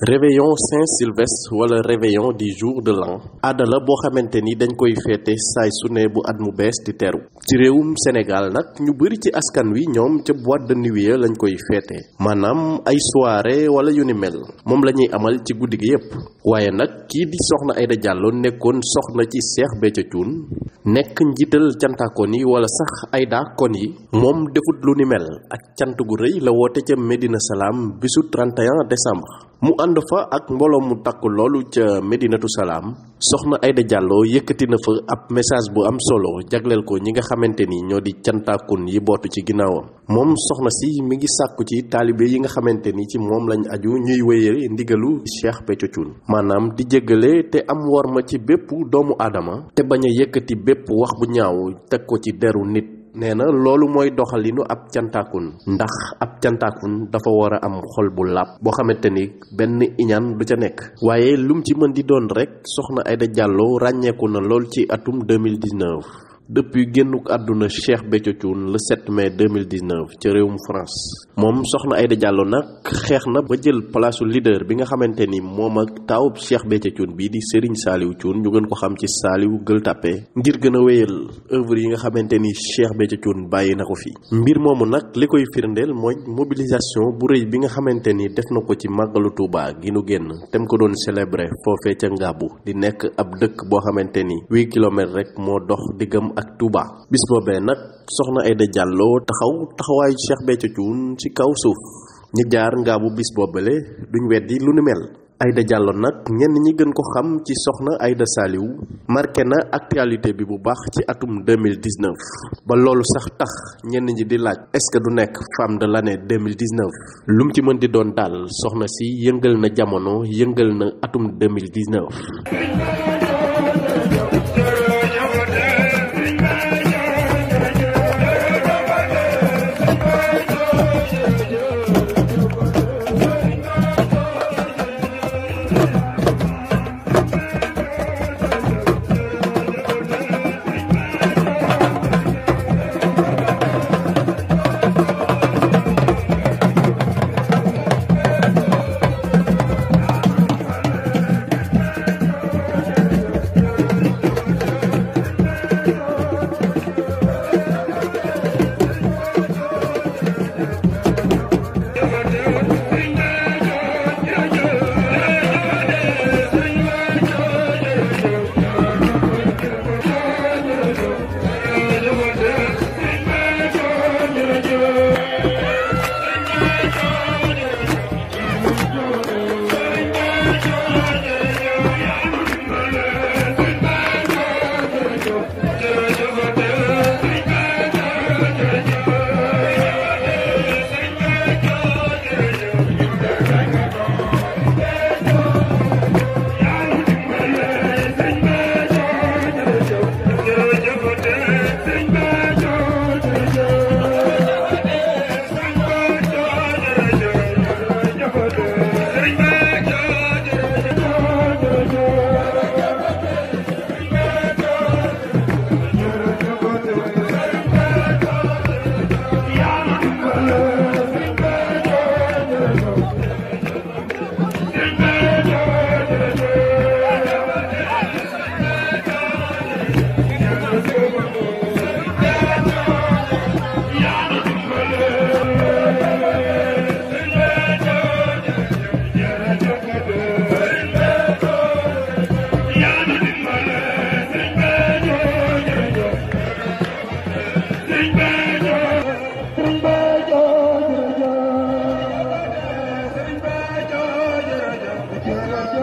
réveillon Saint-Sylvestre wala réveillon du jour de l'an aada boo xamante ni dañ koy feete saay su bu at mu bees di teru ci réewum Sénégal nag ñu bëri ci askan wi ñoom ca boîte de nuit ya lañ koy feete maanaam ay soirée wala yu ni mel moom la ñuy amal ci guddi gi yépp waaye nag kii di soxna Aïda Diallo nekkoon soxna ci Cheikh ca Thioune nekk njiital cantaakon yi wala sax Aïda kon yi moom defut lu ni mel ak cant gu rëy la woote ca Médina Salaam bisu 31 décembre mu ànd fa ak mbooloo mu takk loolu ca Medinatu Salaam soxna Aïda Diallo yëkkati na fa ab message bu am solo jagleel ko ñi nga xamante ni ñoo di cantaakun yi bootu ci ginnaawam moom soxna si mi ngi sàkku ci taalibe yi nga xamante ni ci moom lañ aju ñuy wéyee ndigalu Cheikh Béthio Thioune maanaam di jéggale te am worma ci bépp doomu aadama te bañ a yëkkati bépp wax bu ñaaw teg ko ci deru nit nee na loolu mooy doxalinu ab cantaakun ndax ab cantaakun dafa war a am xol bu làpp boo xamante ni benn iñaan du ca nekk waaye lu mu ci mën di doon rek soxna Aida jàlloo ràññeeku na lool ci atum 2019 depuis génnuk àdduna Cheikh Béthio Thioune le 7 mai 2019 ca réewum France moom soxna Aïda Diallo nag xeex na ba jël palaasu leader bi nga xamante ni moom ak taawub Cheikh Béthio Thioune bii di Serigne Saliou Thioune ñu gën ko xam ci Saliou Gueule Tapée ngir gën a wéyal œuvre yi nga xamante ni Cheikh Béthio Thioune bàyyi na ko fi mbir moomu nag li koy firndeel mooy mobilisation bu rëy bi nga xamante ni def na ko ci màggalu Touba gi nu génn tem ko doon célébrer foofee ca Ngaabu di nekk ab dëkk boo xamante ni 8 kilomètres rek moo dox ak Touba bis boobee nag soxna Aïda Diallo taxaw taxawaayu Cheikh Béthio Thioune ci kaw suuf ñi jaar ngaabu bis boobale duñ weddi lu ni mel Aïda Diallo nag ñenn ñi gën ko xam ci soxna Aïda Saliou marqué na actualité bi bu baax ci atum 2019 ba loolu sax tax ñenn ñi di laaj est-ce que du nekk femme de l'année 2019 lu mu ci mën di doon daal soxna si yëngal na jamono yëngal na atum 2019